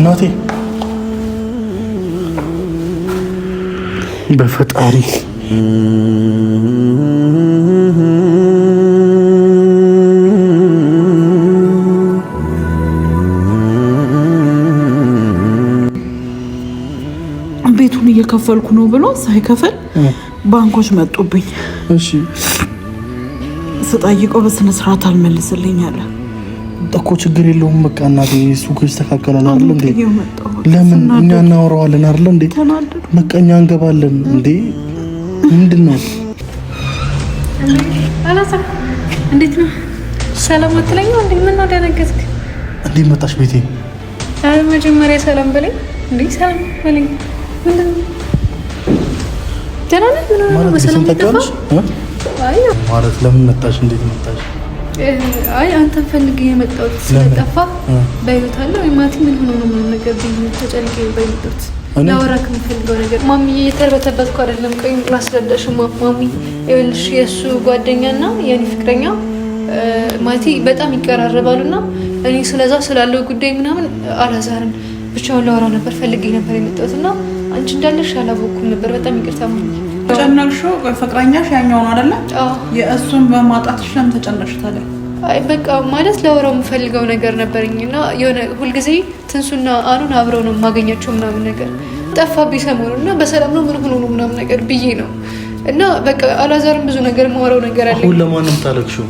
እናቴ በፈጣሪ ቤቱን እየከፈልኩ ነው ብሎ ሳይከፍል ባንኮች መጡብኝ። ስጠይቀው በስነስርዓት አልመልስልኝ አለ። እኮ ችግር የለውም። በቃ እናቴ እሱ ከተስተካከለ ነው አይደል እንዴ? ለምን እኛ እናወራዋለን አይደል እንዴ? በቃ እኛ እንገባለን እንዴ? ምንድን ነው እንዴት ነው ሰላም አትለኝ እንዴ? ምን ነው ደነገጥክ እንዴ? መጣሽ ቤቴ? አይ መጀመሪያ ሰላም በለኝ እንዴ፣ ሰላም በለኝ። ምንድን ነው ደህና ነህ? ምን ነው ሰላም ተቀበልሽ? አይ ማለት ለምን መጣሽ? እንዴት መጣሽ? አይ አንተን ፈልጌ የመጣሁት ስለጠፋ በህይወት አለ ወይ ማቲ? ምን ሆኖ ነው ምንም ነገር ቢሆን ተጨንቄ በመጣሁት ላወራህ የምፈልገው ነገር ማሚ፣ እየተርበተበትኩ አይደለም። ቆይ ላስረዳሽ ማሚ። ይኸውልሽ የእሱ ጓደኛና የኔ ፍቅረኛ ማቲ በጣም ይቀራረባሉና እኔ ስለዛ ስላለው ጉዳይ ምናምን አላዛርም ብቻውን ለወራ ነበር ፈልጌ ነበር የመጣሁት እና አንቺ እንዳለሽ አላወኩም ነበር። በጣም ይቅርታ ማሚ የተጨነቅሽው ፍቅረኛሽ ያኛው ነው አይደለ? የእሱን በማጣትሽ ለምን ተጨነቅሽ ታዲያ? አይ በቃ ማለት ለወራው የምፈልገው ነገር ነበረኝ እና የሆነ ሁልጊዜ ትንሱና አኑን አብረው ነው የማገኛቸው ምናምን ነገር ጠፋብኝ ሰሞኑ እና በሰላም ነው ምን ሆኖ ነው ምናምን ነገር ብዬ ነው እና በቃ አላዛርም ብዙ ነገር የማወራው ነገር አለ። አሁን ለማንም ታለቅሽው?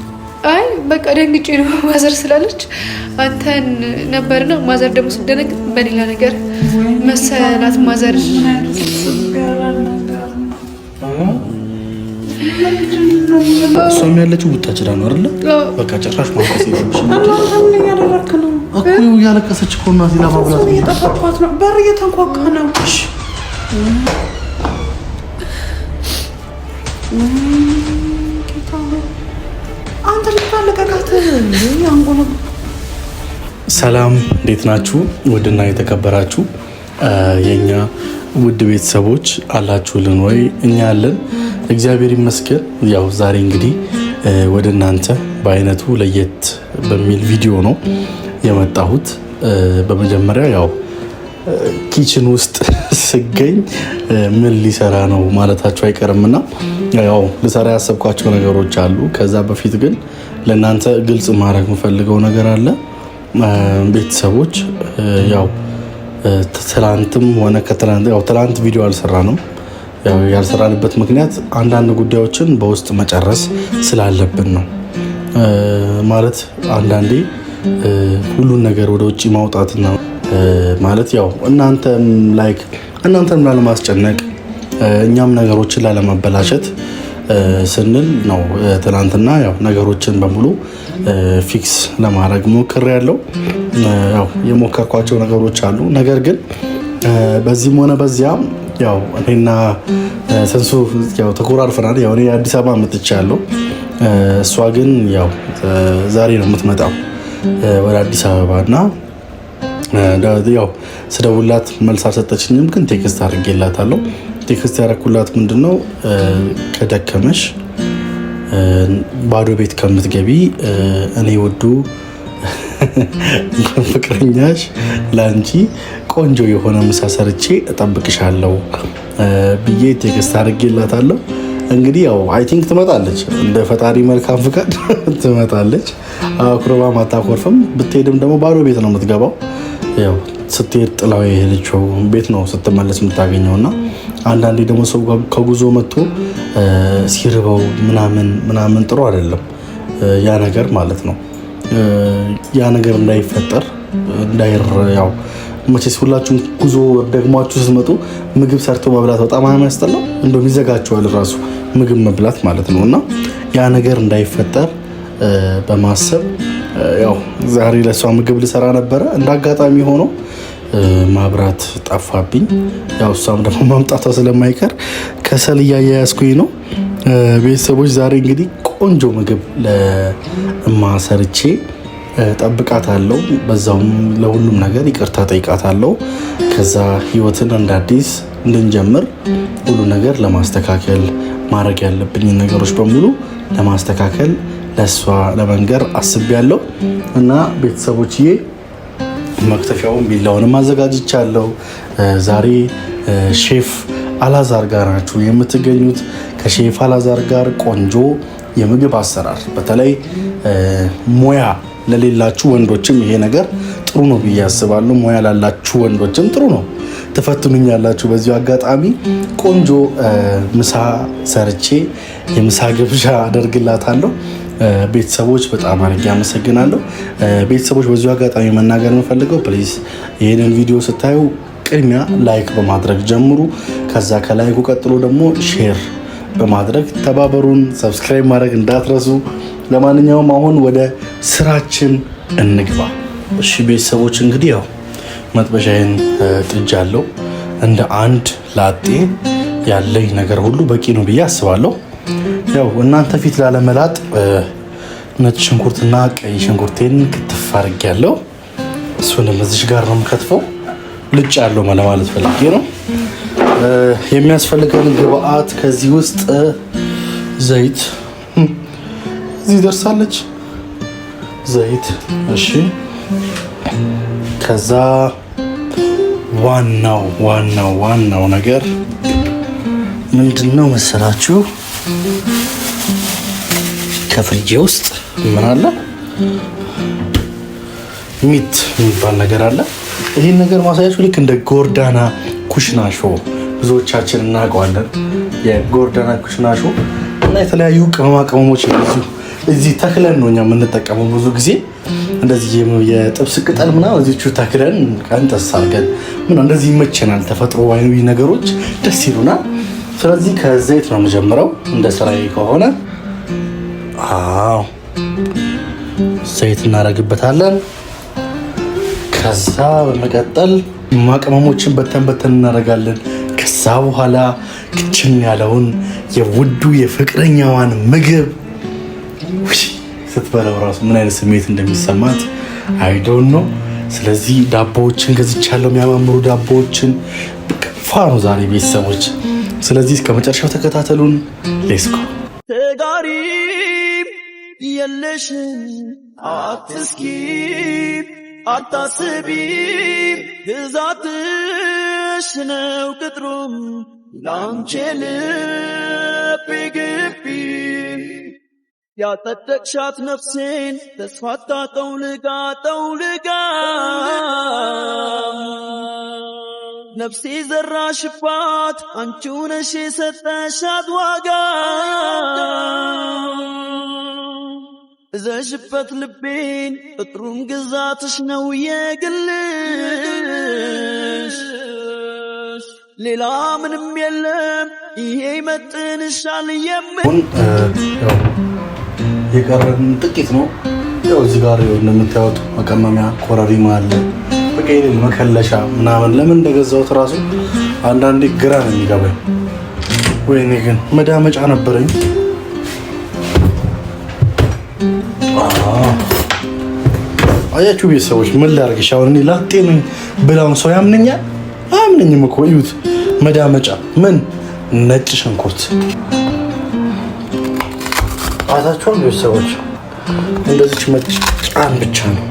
አይ በቃ ደንግጬ ነው ማዘር ስላለች አንተን ነበርና ማዘር ደግሞ ስደነግ በሌላ ነገር መሰላት ማዘር እሷም ያለችው ውጣችዳ ነው አይደለ? በቃ ጭራሽ ማውቀስ እኮ እኮ እናቴ ለማብላት ነው። በር እየተንኳኳ ነው። አንተ ልታለቀቃት ሰላም፣ እንዴት ናችሁ? ውድና የተከበራችሁ የኛ ውድ ቤተሰቦች አላችሁልን ወይ? እኛ አለን፣ እግዚአብሔር ይመስገን። ያው ዛሬ እንግዲህ ወደ እናንተ በአይነቱ ለየት በሚል ቪዲዮ ነው የመጣሁት። በመጀመሪያ ያው ኪችን ውስጥ ስገኝ ምን ሊሰራ ነው ማለታቸው አይቀርምና ያው ልሰራ ያሰብኳቸው ነገሮች አሉ። ከዛ በፊት ግን ለእናንተ ግልጽ ማድረግ የምፈልገው ነገር አለ ቤተሰቦች ያው ትላንትም ሆነ ከትላንት ትላንት ቪዲዮ አልሰራንም። ያልሰራንበት ምክንያት አንዳንድ ጉዳዮችን በውስጥ መጨረስ ስላለብን ነው። ማለት አንዳንዴ ሁሉን ነገር ወደ ውጭ ማውጣት ነው። ማለት ያው እናንተም ላይክ እናንተም ላለማስጨነቅ እኛም ነገሮችን ላለማበላሸት ስንል ነው። ትናንትና ያው ነገሮችን በሙሉ ፊክስ ለማድረግ ሞክር ያለው ያው የሞከርኳቸው ነገሮች አሉ። ነገር ግን በዚህም ሆነ በዚያም ያው እኔና ሰንሱ ያው ተኮራርፈናል። ያው እኔ አዲስ አበባ ያለው እሷ ግን ያው ዛሬ ነው የምትመጣው ወደ አዲስ አበባ እና ያው ስደውላት መልስ አልሰጠችኝም፣ ግን ቴክስት አድርጌላታለሁ። ቴክስት ያረኩላት ምንድን ነው ከደከመሽ ባዶ ቤት ከምትገቢ እኔ ውዱ ፍቅረኛሽ ለአንቺ ቆንጆ የሆነ ምሳ ሰርቼ እጠብቅሻለሁ ብዬ ቴክስት አድርጌላታለሁ። እንግዲህ ያው አይ ቲንክ ትመጣለች፣ እንደ ፈጣሪ መልካም ፍቃድ ትመጣለች። አኩርባም አታኮርፍም። ብትሄድም ደግሞ ባዶ ቤት ነው የምትገባው። ያው ስትሄድ ጥላው የሄደችው ቤት ነው ስትመለስ የምታገኘው እና አንዳንዴ ደግሞ ሰው ከጉዞ መጥቶ ሲርበው ምናምን ምናምን ጥሩ አይደለም ያ ነገር ማለት ነው። ያ ነገር እንዳይፈጠር ያው መቼስ ሁላችሁም ጉዞ ደግሟችሁ ስትመጡ ምግብ ሰርቶ መብላት በጣም አያመስጠላ እንደውም ይዘጋቸዋል ራሱ ምግብ መብላት ማለት ነው። እና ያ ነገር እንዳይፈጠር በማሰብ ያው ዛሬ ለእሷ ምግብ ልሰራ ነበረ እንዳጋጣሚ ሆነው። ማብራት ጠፋብኝ። ያው እሷም ደግሞ ማምጣቷ ስለማይቀር ከሰል እያያያዝኩኝ ነው። ቤተሰቦች ዛሬ እንግዲህ ቆንጆ ምግብ ለእማ ሰርቼ ጠብቃታለሁ። በዛውም ለሁሉም ነገር ይቅርታ ጠይቃታለሁ። ከዛ ህይወትን እንደ አዲስ እንድንጀምር ሁሉ ነገር ለማስተካከል ማድረግ ያለብኝ ነገሮች በሙሉ ለማስተካከል ለእሷ ለመንገር አስቤያለሁ እና ቤተሰቦችዬ መክተፊያውን ቢላውንም አዘጋጅቻለሁ። ዛሬ ሼፍ አላዛር ጋር ናችሁ የምትገኙት። ከሼፍ አላዛር ጋር ቆንጆ የምግብ አሰራር በተለይ ሙያ ለሌላችሁ ወንዶችም ይሄ ነገር ጥሩ ነው ብዬ አስባለሁ። ሙያ ላላችሁ ወንዶችም ጥሩ ነው። ትፈትኑኝ ያላችሁ በዚሁ አጋጣሚ ቆንጆ ምሳ ሰርቼ የምሳ ግብዣ አደርግላታለሁ። ቤተሰቦች በጣም አድርጌ አመሰግናለሁ። ቤተሰቦች በዚሁ አጋጣሚ መናገር የምፈልገው ፕሊዝ ይህንን ቪዲዮ ስታዩ ቅድሚያ ላይክ በማድረግ ጀምሩ። ከዛ ከላይኩ ቀጥሎ ደግሞ ሼር በማድረግ ተባበሩን። ሰብስክራይብ ማድረግ እንዳትረሱ። ለማንኛውም አሁን ወደ ስራችን እንግባ። እሺ ቤተሰቦች እንግዲህ ያው መጥበሻዬን ጥጃለሁ። እንደ አንድ ላጤ ያለኝ ነገር ሁሉ በቂ ነው ብዬ አስባለሁ። ያው እናንተ ፊት ላለመላጥ ነጭ ሽንኩርትና ቀይ ሽንኩርቴን ክትፍ አድርጌያለሁ። እሱንም እዚሽ ጋር ነው የምከትፈው። ልጭ ያለው ለማለት ፈልጌ ነው። የሚያስፈልገን ግብአት ከዚህ ውስጥ ዘይት እዚህ ደርሳለች። ዘይት እሺ። ከዛ ዋናው ዋናው ዋናው ነገር ምንድን ነው መሰላችሁ? ከፍሪጄ ውስጥ ምን አለ ሚት የሚባል ነገር አለ። ይህን ነገር ማሳያችሁ ልክ እንደ ጎርዳና ኩሽና ብዙዎቻችን እናውቀዋለን። የጎርዳና ኩሽና እና የተለያዩ ቅመማ ቅመሞች እዚህ ተክለን ነው እኛ የምንጠቀመው። ብዙ ጊዜ እንደዚህ የጥብስ ቅጠል ምናምን እዚቹ ተክለን ቀንጠስ አድርገን ምን እንደዚህ ይመቸናል። ተፈጥሮአዊ ነገሮች ደስ ይሉናል። ስለዚህ ከዘይት ነው የምጀምረው እንደ ስራዬ ከሆነ አዎ ዘይት እናደርግበታለን። ከዛ በመቀጠል ማቅመሞችን በተን በተን እናደርጋለን። ከዛ በኋላ ክችን ያለውን የውዱ የፍቅረኛዋን ምግብ ስትበላው ራሱ ምን አይነት ስሜት እንደሚሰማት አይዶን ነው። ስለዚህ ዳቦዎችን ገዝቻለሁ፣ የሚያማምሩ ዳቦዎችን ፋ ነው ዛሬ ቤተሰቦች። ስለዚህ እስከ መጨረሻው ተከታተሉን። ሌስኮ የለሽን አትስኪ አታስቢ ግዛትሽ ነው ቅጥሩም ላንቺ ልብ ግቢ ያጸደቅሻት ነፍሴን ተስፋ ታጠው ልጋ ጠውልጋ ነፍሴ ዘራሽባት አንቺው ነሽ የሰጠሻት ዋጋ እዘሽበት ልቤን እጥሩን ግዛትሽ ነው የግልሽ ሌላ ምንም የለም። ይሄ ይመጥንሻል። የምን የቀረን ጥቂት ነው። ያው እዚህ ጋር እንደምታዩት መቀመሚያ ኮረሪማ አለ፣ በቃ መከለሻ ምናምን ለምን እንደገዛሁት ራሱ አንዳንዴ ግራ ነው የሚገባኝ። ወይኔ ግን መዳመጫ ነበረኝ። አያችሁ ቤተሰቦች፣ ምን ላድርግሽ? አሁን እኔ ላጤ ነኝ ብላውን ሰው ያምነኛል? አያምነኝም እኮ እዩት። መዳመጫ ምን ነጭ ሽንኩርት አታችኋል? ቤተሰቦች እንደዚች መጫን ብቻ ነው።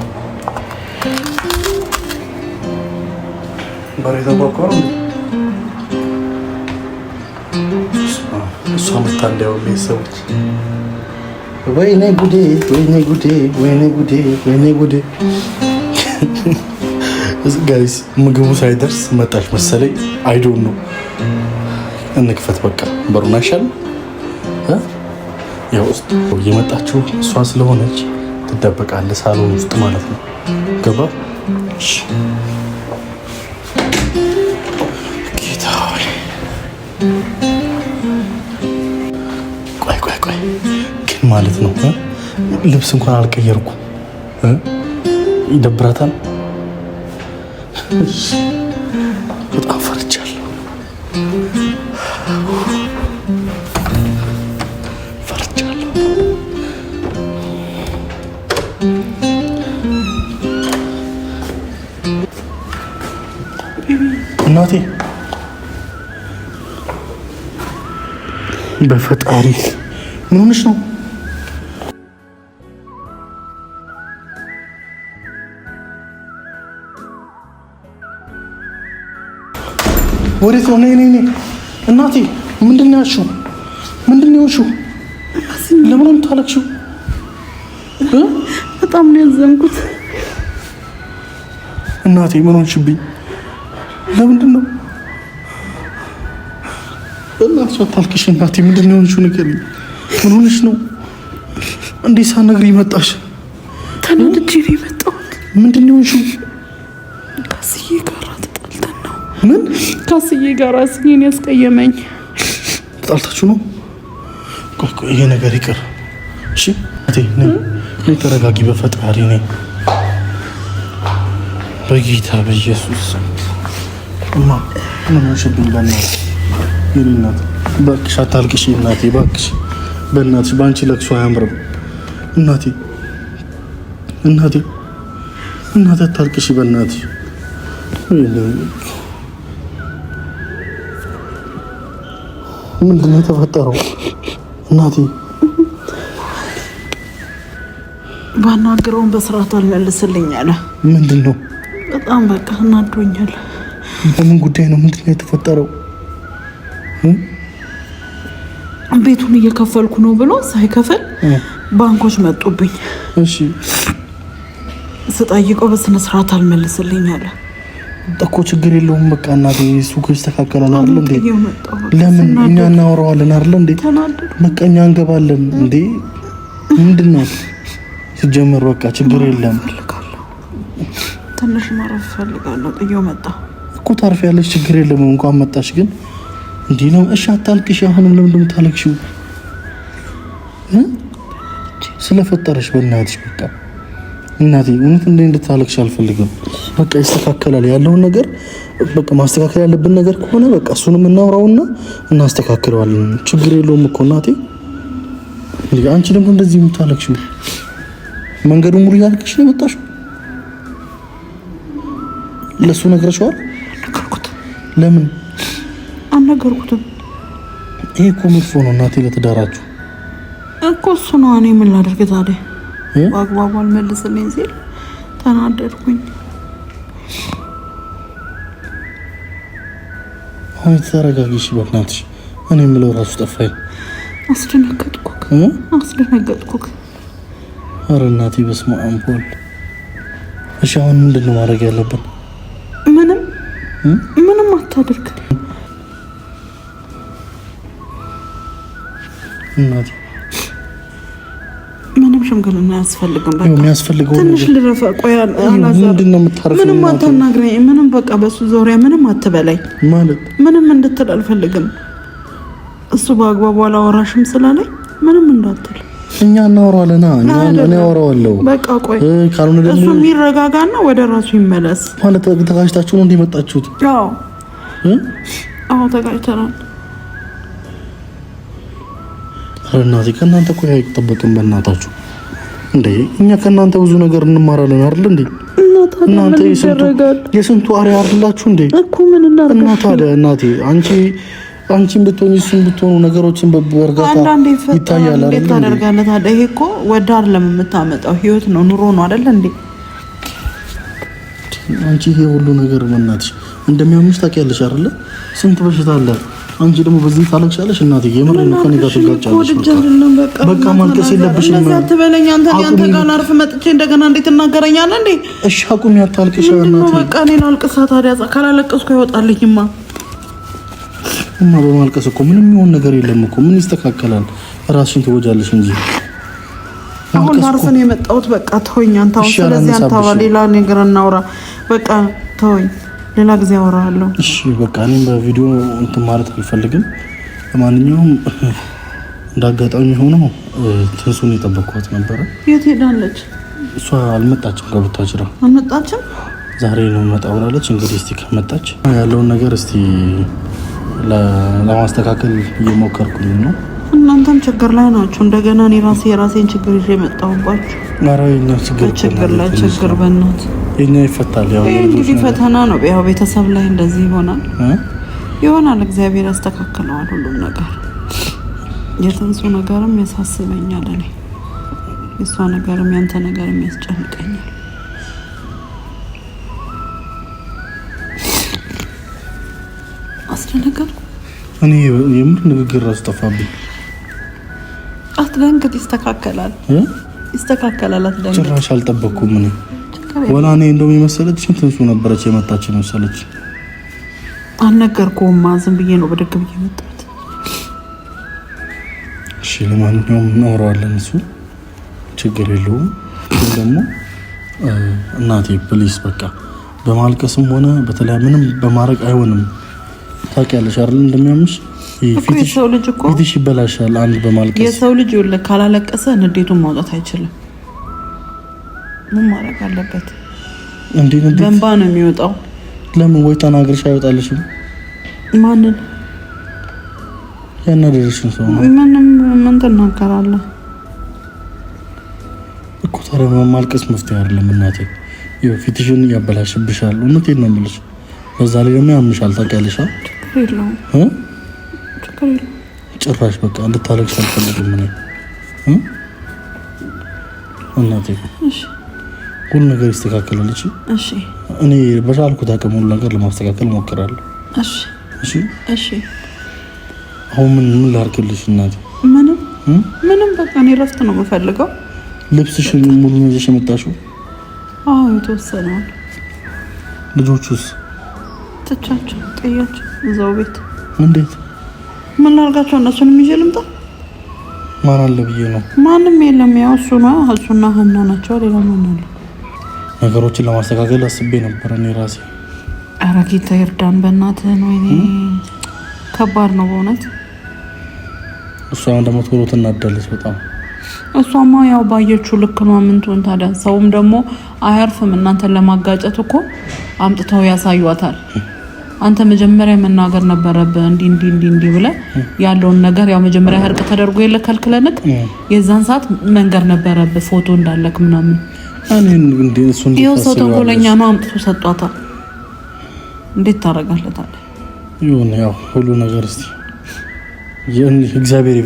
በሬ ተቋቋሩ እሷ ምታ እንዳይሆን ቤተሰቦች ወይኔ ጉዴ ወይኔ ጉዴ ወይኔ ጉዴ ወይኔ ጉዴ። ጋይስ ምግቡ ሳይደርስ መጣች መሰለኝ። አይዶን ነው እንክፈት በቃ በሩን አይሻል ያው ውስጥ የመጣችው እሷ ስለሆነች ትደበቃለ ሳሎን ውስጥ ማለት ነው። ገባ ጌታ ቆይ ቆይ ቆይ ማለት ነው። ልብስ እንኳን አልቀየርኩም። ይደብራታል። በጣም ፈርቻለሁ፣ ፈርቻለሁ። እናቴ በፈጣሪ ምን ሆነሽ ነው? ወዴት ነው? ነይ ነይ ነይ። እናቴ ምንድን ነው ያልሺው? ምንድን ነው ያልሺው? ለምን ነው የምታለቅሺው? በጣም ነው ያዘንኩት። እናቴ ምን ሆንሽብኝ? ለምንድን ነው በእናትሽ አታልቅሽ። እናቴ ምንድን ነው የሆንሽው? ንገሪኝ። ምን ሆንሽ ነው? እንዴት ሳትነግሪኝ መጣሽ? ተናድጄ ነው የመጣሁት። ምንድን ነው የሆንሽው? ምን ካስዬ ጋር ስኝን ያስቀየመኝ ጣልታችሁ ነው? ይሄ ነገር ይቅር። እሺ ተረጋጊ፣ በፈጣሪ ነኝ። በጌታ በኢየሱስ እማ ምን ሆንሽብኝ? በእናትሽ የእኔ እናት እባክሽ አታልቅሽ፣ እናቴ እባክሽ፣ በእናትሽ በአንቺ ለቅሶ አያምርም። እናቴ እናቴ እናቴ አታልቅሽ፣ በእናትሽ ምንድን ነው የተፈጠረው? እናቴ ባናግረውን በስርዓቱ አልመልስልኝ አለ። ምንድን ነው? በጣም በቃ እናዶኛል። በምን ጉዳይ ነው? ምንድን ነው የተፈጠረው? ቤቱን እየከፈልኩ ነው ብሎ ሳይከፍል ባንኮች መጡብኝ። እሺ ስጠይቀው ስርዓት አልመልስልኝ አለ። እኮ ችግር የለውም። በቃ እናቴ ሱቅ ይስተካከላል አይደል እንዴ? ለምን እኛ እናወራዋለን አይደል እንዴ? በቃ እኛ እንገባለን እንዴ? ምንድን ነው ሲጀመር? በቃ ችግር የለም። ትንሽ ማረፍ ፈልጋለሁ። ጥዬው መጣ እኮ ታርፊያለሽ። ችግር የለም። እንኳን መጣሽ። ግን እንዲህ ነው እሺ። አታልቅሽ። አሁንም ለምን እንደምታለቅሽው? ስለፈጠረሽ በእናትሽ በቃ እናቴ እውነት እንደ እንድታለቅሽ አልፈልግም። በቃ ይስተካከላል። ያለውን ነገር በቃ ማስተካከል ያለብን ነገር ከሆነ በቃ እሱንም እናውራውና እናስተካክለዋለን። ችግር የለውም እኮ እናቴ። አንቺ ደግሞ እንደዚህ የምታለቅሽ መንገዱ ሙሉ እያለቅሽ ነው የመጣሽው። ለእሱ ነግረሽዋል? ለምን አልነገርኩትም? ይሄ እኮ መጥፎ ነው እናቴ ለትዳራችሁ እኮ እሱ ነው። እኔ ምን ላደርግ ታዲያ በአግባቡ አልመልስልኝ ሲል ተናደድኩኝ። አቤት ተረጋጊ፣ በእናትሽ። እኔ የምለው ራሱ ጠፋኝ። አስደነገጥኩክ አስደነገጥኩክ። ኧረ እናቴ በስመ አብ ወልድ። እሺ አሁን ምንድን ነው ማድረግ ያለብን? ምንም ምንም አታደርግ እናቴ ሽምግልና የሚያስፈልገው ትንሽ ልረፈ ቆይ፣ ምንም አታናግረኝ፣ ምንም በቃ በሱ ዙሪያ ምንም አትበላይ፣ ማለት ምንም እንድትል አልፈልግም። እሱ በአግባቡ አላወራሽም ስላለኝ ምንም እንዳትል እኛ እናወራለና እኔ አወራዋለሁ። በቃ ቆይ ካልሆነ ደግሞ እሱ የሚረጋጋና ወደ ራሱ ይመለስ። ማለት ተጋጭታችሁ ነው እንደመጣችሁት? አዎ አዎ ተጋጭተናል። ኧረ እናቴ ከእናንተ እኮ አይጠበቅም በእናታችሁ እንዴ እኛ ከእናንተ ብዙ ነገር እንማራለን አይደል? እንዴ እናንተ የስንቱ አሪያ አይደላችሁ እንዴ እኮ ምን እና ታዲያ እናቴ አንቺ አንቺን ብትሆን እሱን ብትሆኑ ነገሮችን በእርጋታ ይታያል አይደል? ታደርጋለህ ታዲያ ይሄ እኮ ወደ አይደለም የምታመጣው ህይወት ነው ኑሮ ነው አይደል? እንዴ አንቺ ይሄ ሁሉ ነገር መናትሽ እንደሚያምሽ ታውቂያለሽ አይደል? ስንት በሽታ አለ አንቺ ደግሞ በዚህ ታለቅሻለሽ። እናቴ የምር ነው ከኔ ጋር ትጋጫለሽ። በቃ ማልቀስ የለብሽም። እንደዚህ አትበለኝ አንተ። ያንተ ጋር አርፍ መጥቼ እንደገና እንዴት እናገረኛለ እንዴ? እሺ አቁሚ፣ አታልቅሽ። እናቴ በቃ እኔ ላልቅሳ ታዲያ? ካላለቀስኩ ይወጣልኝማ። እማ በማልቀስ እኮ ምንም የሚሆን ነገር የለም እኮ ምን ይስተካከላል? ራስሽን ትወጃለሽ እንጂ አሁን ላርፍ ነው የመጣሁት። በቃ ተወኝ አንተ። አሁን ስለዚህ አንተ ሌላ ነገር እናውራ። በቃ ተወኝ ሌላ ጊዜ አወራለሁ። እሺ በቃ እኔም በቪዲዮ እንትን ማለት አልፈልግም። ለማንኛውም እንዳጋጣሚ ሆኖ ትንሱን የጠበቅኳት ነበረ። የት ሄዳለች? እሷ አልመጣችም። ከቦታ ችራ አልመጣችም። ዛሬ ነው መጣ ብላለች። እንግዲህ እስቲ ከመጣች ያለውን ነገር እስቲ ለማስተካከል እየሞከርኩኝ ነው። እናንተም ችግር ላይ ናችሁ። እንደገና እኔ ራሴ የራሴን ችግር ይዤ መጣሁባችሁ። ኧረ የእኛ ችግር ችግር ላይ ችግር በእናትህ የኛ ይፈታል። ያው እንግዲህ ፈተና ነው። ያው ቤተሰብ ላይ እንደዚህ ይሆናል ይሆናል። እግዚአብሔር ያስተካክለዋል ሁሉም ነገር። የትንሱ ነገርም ያሳስበኛል እኔ የእሷ ነገርም ያንተ ነገርም ያስጨንቀኛል። አስደነገጥኩ እኔ የምር ንግግር አስጠፋብኝ። ጠፋብኝ። አትደንግጥ፣ ይስተካከላል፣ ይስተካከላል። አትደንግጥ። ጭራሽ አልጠበቅኩም እኔ ወላ እኔ እንደውም የመሰለችኝ ትንሱ ነበረች የመጣች የመሰለች። አልነገርኩህማ፣ ዝም ብዬ ነው በደግ ብዬ መጣሁት። እሺ፣ ለማንኛውም እናወራዋለን፣ እሱ ችግር የለውም። ግን ደግሞ እናቴ ፕሊስ፣ በቃ በማልቀስም ሆነ በተለያ ምንም በማድረግ አይሆንም። ታውቂያለሽ አይደል እንደሚያምሽ ፊትሽ ይበላሻል። አንድ በማልቀስ የሰው ልጅ ካላለቀሰ ንዴቱን ማውጣት አይችልም። ምን ማድረግ አለበት? እንዴት እንዴት በእንባ ነው የሚወጣው? ለምን ወይ ተናግርሽ አይወጣልሽ? ማንን ያናደረሽን ሰው ነው? ምንም ምን ትናገራለህ እኮ። ታዲያ ማልቀስ መፍትሄ አይደለም እናቴ። ፊትሽን ያበላሽብሻል። እውነቴን ነው የምልሽ። በዛ ላይ ደግሞ ያምሻል። ታውቂያለሽ። ጭራሽ በቃ እንድታለቅሽ አልፈልግም እኔ እናቴ። ሁሉ ነገር ይስተካከላል። እሺ፣ እኔ በቻልኩት አቅም ሁሉ ነገር ለማስተካከል እሞክራለሁ። እሺ፣ እሺ፣ እሺ። አሁን ምን ምን ላድርግልሽ እናቴ? ምንም ምንም፣ በቃ እኔ እረፍት ነው የምፈልገው። ልብስሽ ሙሉ ነው ይዘሽ የመጣሽው? አዎ፣ የተወሰነውን። ልጆቹስ? ትቻቸው፣ ጥያቸው እዛው ቤት። እንዴት? ምን ላድርጋቸው? እነሱንም ይዤ ልምጣ? ማን አለ ብዬ ነው። ማንም የለም። ያው እሱ ነው። እሱና ሀና ናቸው። ሌላ ማን አለ? ነገሮችን ለማስተካከል አስቤ ነበር እኔ ራሴ። ኧረ ጌታ ይርዳን በእናትህን። ወይኔ ከባድ ነው በእውነት። እሷን ደግሞ ቶሎ ትናደለች በጣም እሷማ ያው ባየችው ልክ ነው። ምን ትሆን ታዲያ? ሰውም ደግሞ አያርፍም። እናንተን ለማጋጨት እኮ አምጥተው ያሳዩታል። አንተ መጀመሪያ መናገር ነበረብህ፣ እንዲ እንዲ እንዲ እንዲ ብለ ያለውን ነገር ያው መጀመሪያ እርቅ ተደርጎ የለ ከልክለንክ፣ የዛን ሰዓት መንገር ነበረብህ ፎቶ እንዳለክ ምናምን ይኸው ሰው ተንኮለኛ ነው አምጥቶ ሰጧታል። እንዴት ታደርጋለታለህ? ይሁን ያው ሁሉ ነገር እስቲ እስኪ እግዚአብሔር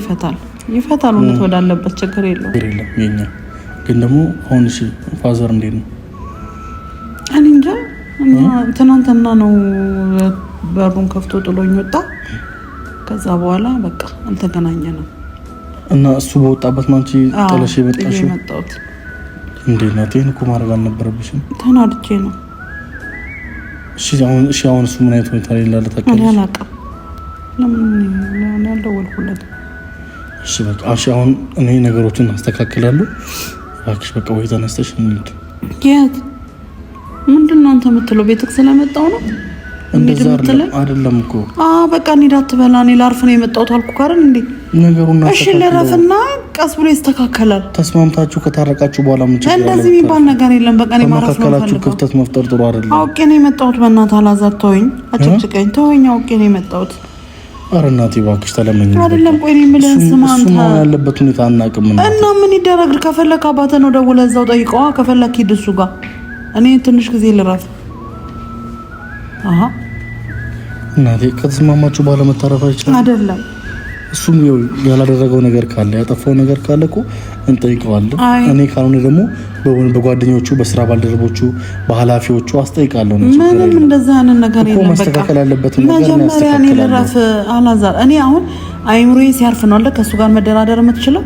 ይፈታል፣ ይፈታል። እውነት ወዳለበት ችግር የለውም። የኛ ግን ደግሞ አሁን እሺ፣ ፋዘር እንዴት ነው? እኔ እንጃ። ትናንትና ነው በሩን ከፍቶ ጥሎኝ ወጣ። ከዛ በኋላ በቃ አልተገናኘንም እና እሱ በወጣበት ማንቺ አንቺ ጥለሽ የመጣሽው እንዴ ነቴን ይህን እኮ ማድረግ አልነበረብሽም። ተናድጄ ነው። እሺ አሁን እሱ ምን አይነት ሁኔታ ላይ እንዳለ ታውቂያለሽ? እሺ በቃ እሺ፣ አሁን እኔ ነገሮችን አስተካክላለሁ። እባክሽ በቃ ወይ ተነስተሽ እንሂድ። የት ምንድን ነው አንተ የምትለው? ስለመጣው ነው እንደዛ አይደለም እኮ አዎ፣ በቃ እንሂድ አትበላ። እኔ ላርፍ ነው የመጣሁት አልኩ ካረን እንዴ ነገሩና እሺ፣ ልረፍና ቀስ ብሎ ይስተካከላል። ተስማምታችሁ ከታረቃችሁ በኋላ ምን ችግር አለ? እንደዚህ የሚባል ነገር የለም። በቃ እኔ ማረፍ ነው ካላችሁ ክፍተት መፍጠር ጥሩ አይደለም። አውቄ ነው የመጣሁት። በእናትህ አላዛር ተወኝ፣ አጭጭቀኝ፣ ተወኝ። አውቄ ነው የመጣሁት። ኧረ እናቴ እባክሽ ተለመኝ። አይደለም ቆይ እኔ የምልህን ስማ፣ አንተ ያለበት ሁኔታ አናውቅም እና ምን ይደረግ። ከፈለክ አባተ ነው ደውለህ እዛው ጠይቀዋ። ከፈለክ ሂድ እሱ ጋር። እኔ ትንሽ ጊዜ ልረፍ። አሃ እናቴ ከተስማማችሁ በኋላ መታረፋችን አይደለም። እሱም ያላደረገው ነገር ካለ ያጠፋው ነገር ካለ እኮ እንጠይቀዋለን። እኔ ካልሆነ ደግሞ በጓደኞቹ፣ በስራ ባልደረቦቹ፣ በኃላፊዎቹ አስጠይቃለሁ። ምንም እንደዛ ያንን ነገር የለም። መስተካከል ያለበት መጀመሪያ እኔ ልረፍ። አላዛር እኔ አሁን አይምሮዬ ሲያርፍ ነው አለ ከእሱ ጋር መደራደር የምትችለው።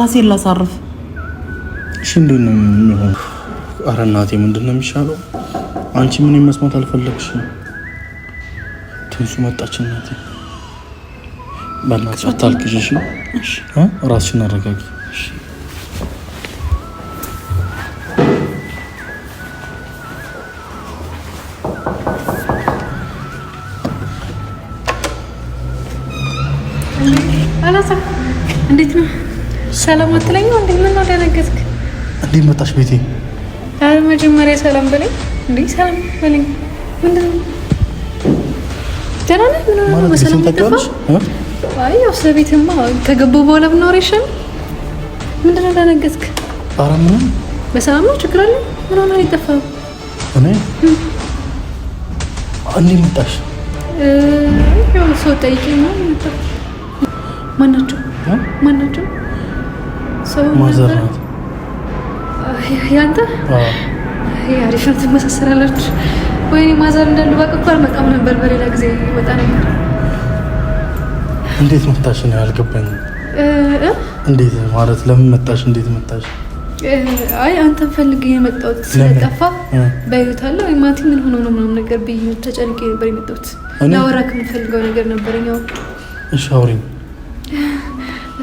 ራሴን ላሳርፍ። እሺ እንዴት ነው የሚሆነው? ኧረ እናቴ ምንድን ነው የሚሻለው? አንቺ ምን መስማት አልፈለግሽም? ከሱ መጣች እናቴ። በእናትሽ አታልቅሽ፣ ራስሽን አረጋጊ። እንዴት ነው? ሰላም አትለኝም? እንዴ ምን ነው ደነገጥክ? እንዴት መጣሽ ቤቴ? መጀመሪያ ሰላም በለኝ። እንዴ ሰላም በለኝ ምንድን ነው ደህና ነህ? ምን ሆነህ ነው? በሰላም የጠፋህ? አይ ያው ስለ ቤትማ ከገባሁ በኋላ ብናወራ ይሻላል። ምንድን ነው ደነገጥክ? ኧረ ምንም በሰላም ነው። ችግር አለ? ምን ሆነህ ነው የጠፋኸው? እኔ እንዴት መጣሽ? ያው ሰው ጠይቄ ነው የመጣሁት። ማናቸው ማናቸው? ሰው ማዘር ናት። ያንተ አሪፍ ነው፣ ትመሳሰላላችሁ ወይኔ ማዘር እንዳሉ በቃ እኮ አልመጣም ነበር። በሌላ ጊዜ ወጣ ነበር። እንዴት መጣሽ ነው አልገባኝም። እንዴት ማለት ለምን መጣሽ? እንዴት መጣሽ? አይ አንተን ፈልጌ የመጣሁት ስለጠፋ በህይወት አለ ወይ ማቲ ምን ሆኖ ነው ምናምን ነገር ብዬ ተጨንቄ ነበር የመጣሁት። ላወራህ የምፈልገው ነገር ነበረኝ። ያው እሺ አውሪኝ።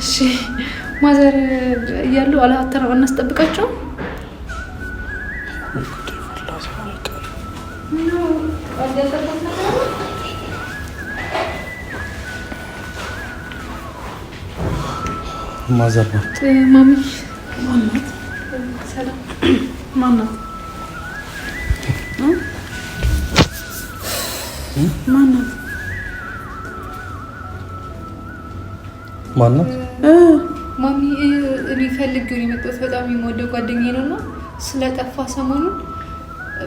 እሺ ማዘር እያሉ አላተራው አናስጠብቃቸው ማዘባት ማሚ ማናት? ሰላም ማናት? ማናት? ማናት? ማሚ እኔ ፈልጌው ነው የመጣሁት። በጣም የምወደው ጓደኛዬ ነው እና ስለጠፋ ሰሞኑን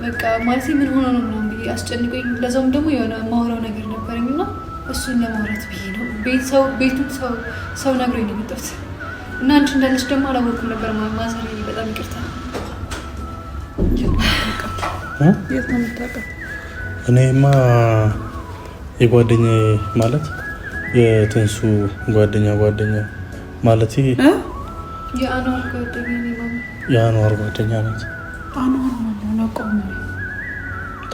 በቃ ማለቴ ምን ሆኖ ነው አስጨንቆኝ ለዛውም ደግሞ የሆነ ማውራው ነገር ነበረኝ እና እሱን ለማውራት ብዬ ነው ቤቱን ሰው ነግሮኝ ነው የመጣሁት። እና አንቺ እንዳለች ደግሞ አላወኩም ነበር። ማዘር በጣም ይቅርታ። እኔማ የጓደኛ ማለት የትንሱ ጓደኛ ጓደኛ ማለት የአኗር ጓደኛ ናት። የአኗር ጓደኛ ናት። አኗር ማለት ነው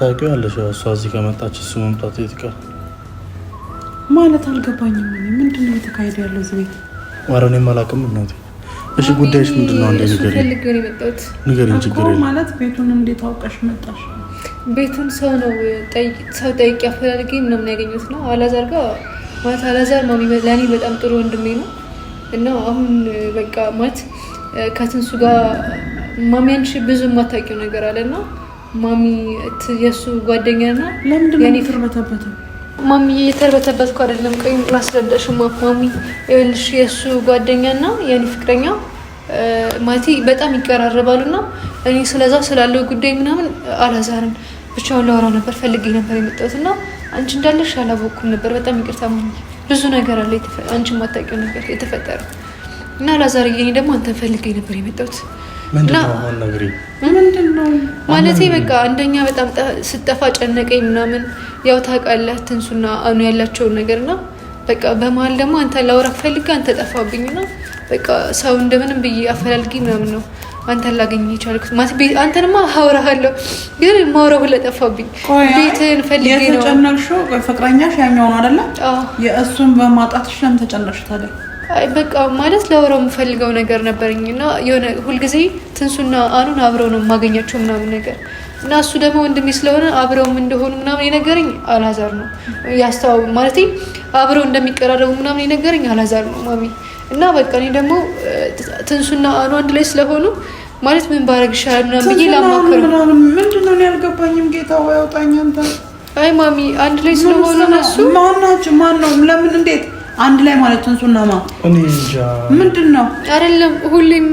ታውቂዋለሽ። እሷ እዚህ ከመጣች እሱ መምጣቱ የት ቀር ማለት አልገባኝም። ምንድን ነው የተካሄደ ያለው እዚህ ቤት? ኧረ እኔም አላውቅም። እናቴ እሺ፣ ጉዳይሽ ምንድን ነው? አንዴ ንገሪኝ። ችግር የለም ማለት ቤቱን እንዴት አውቀሽ መጣሽ? ቤቱን ሰው ነው ሰው ጠይቄ አፈላልጌ ምናምን ያገኘሁት ነው። አላዛር ጋር ማለት አላዛር ማሚ ለእኔ በጣም ጥሩ ወንድሜ ነው እና አሁን በቃ ማለት ከትንሱ ጋር ማሚያንሽ ብዙ የማታውቂው ነገር አለና ማሚ የእሱ ጓደኛ ና ለምንድን የተርበተበተ ማሚ የተርበተበትኩ አይደለም። ቆይ ላስረዳሽ ማሚ። ይኸውልሽ የእሱ ጓደኛ ና የኔ ፍቅረኛ ማለቴ በጣም ይቀራረባሉ ና እኔ ስለዛ ስላለው ጉዳይ ምናምን አላዛርን ብቻውን ላወራው ነበር ፈልጌ ነበር የመጣሁት እና አንቺ እንዳለሽ አላወኩም ነበር። በጣም ይቅርታ ማሚ። ብዙ ነገር አለ አንቺ የማታውቂው ነገር የተፈጠረ እና አላዛር እኔ ደግሞ አንተን ፈልጌ ነበር የመጣሁት ምንድነው ማለቴ በቃ አንደኛ በጣም ስጠፋ ጨነቀኝ ምናምን። ያው ታውቃለህ ትንሱና አኑ ያላቸውን ነገር እና በቃ በመሀል ደግሞ አንተ ላውራ ፈልጌ አንተ ጠፋብኝ እና በቃ ሰው እንደምንም ብዬ አፈላልጊ ምናምን ነው አንተን ላገኝ የቻልኩት ማለት ቤት አንተንማ አውራሃለሁ ግን ማውራው ለጠፋብኝ ቤትን ፈልጌ ነው የተጨነቅሽው። ፍቅረኛሽ ያኛው ነው የእሱን በማጣትሽ ለምን ተጨነቅሽ ታዲያ? በቃ ማለት ለአውራው የምፈልገው ነገር ነበረኝ እና የሆነ ሁልጊዜ ትንሱና አኑን አብረው ነው የማገኛቸው ምናምን ነገር እና እሱ ደግሞ ወንድሜ ስለሆነ አብረውም እንደሆኑ ምናምን የነገረኝ አላዛር ነው ያስተዋው ማለት አብረው እንደሚቀራረቡ ምናምን የነገረኝ አላዛር ነው ማሚ። እና በቃ እኔ ደግሞ ትንሱና አኑ አንድ ላይ ስለሆኑ ማለት ምን ባረግ ይሻላል ምናምን ብዬ ላማከር ምንድን ነው ያልገባኝም። ጌታ ወይ አውጣኝ አንተ። አይ ማሚ አንድ ላይ ስለሆኑ እነሱ ማን ማን ነው? ለምን? እንዴት አንድ ላይ ማለት ትንሱና ማ ምንድን ነው አይደለም። ሁሌም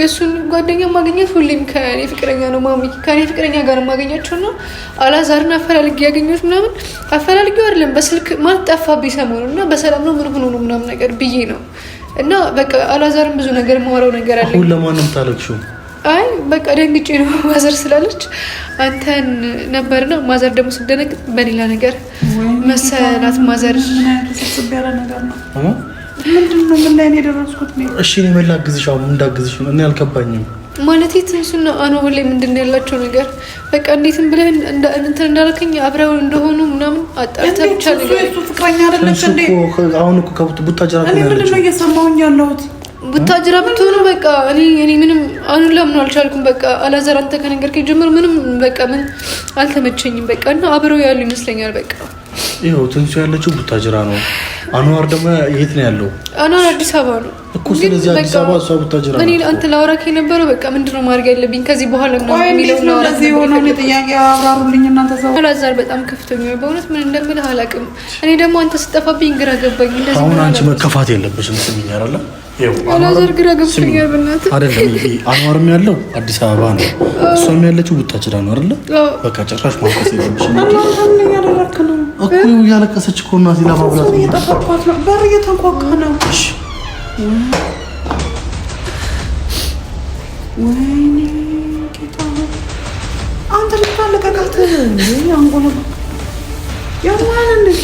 የእሱን ጓደኛ ማግኘት ሁሌም ከኔ ፍቅረኛ ነው ማሚ፣ ከኔ ፍቅረኛ ጋር ማገኛቸው ነው። አላዛርን አፈላልጌ ያገኘት ምናምን አፈላልጊ አይደለም በስልክ ማለት ጠፋብኝ ሰሞኑን እና በሰላም ነው ምን ሆኖ ነው ምናምን ነገር ብዬ ነው እና በቃ አላዛርን ብዙ ነገር የማወራው ነገር አለ። አሁን ለማንም ታለቅሽው አይ በቃ ደንግጬ ነው ማዘር ስላለች አንተን ነበርና ማዘር ደግሞ ስደነግጥ በሌላ ነገር መሰላት ማዘር ምንድነው? ምን ላይ ነው የደረስኩት? እሺ እኔ ምን ላግዝሽ? አሁን እንዳግዝሽ እኔ አልገባኝም። ማለት ትንሽና አኖብ ላይ ምንድን ያላቸው ነገር በቃ እንዴትም ብለህ እንትን እንዳልከኝ አብረው እንደሆኑ ምናምን አጣርተ ብቻ ነገር ፍቅረኛ አይደለች እንዴ? አሁን እኮ ቡታጅራ እኔ ምንድን ነው እየሰማሁኝ ያለሁት? ቡታጅራ ብትሆኑ በቃ እኔ እኔ ምንም አኑ ለምን አልቻልኩም። በቃ አላዘር አንተ ከነገርከኝ ጀምሮ ምንም በቃ ምን አልተመቸኝም። በቃ እና አብረው ያሉ ይመስለኛል በቃ ይኸው ትንሱ ያለችው ቡታጅራ ነው። አንዋር ደግሞ የት ነው ያለው? አንዋር አዲስ አበባ ነው እኮ። ስለዚህ አዲስ አበባ እሷ ቡታጅራ ነው። እኔ አንተ ላውራክ የነበረው በቃ ምንድን ነው ማድረግ ያለብኝ ከዚህ በኋላ ነው የሚለው ነው። ለዚህ የሆነው ነው ጥያቄ አብራሩልኝ እናንተ ሰው። አላዛር በጣም ከፍቶኛል በእውነት ምን እንደምልህ አላውቅም። እኔ ደግሞ አንተ ስጠፋብኝ ግራ ገባኝ። አሁን አንቺ መከፋት የለብሽም። ስሚኝ አይደለ አላዛር ያለው አዲስ አበባ ነው፣ እሷም ያለችው ቡታጅራ ነው አይደለ? በቃ ጭራሽ ማውቀስ የለብሽም። ነው እኮ እያለቀሰች እኮ እናቴ ለማብላት እየጠበቅኳት ነው። በር እየተንኳኳ ነው። እሺ ወይኔ ጌታ አንተ ልታለቀቃት ያንጎ ያማን እንዴ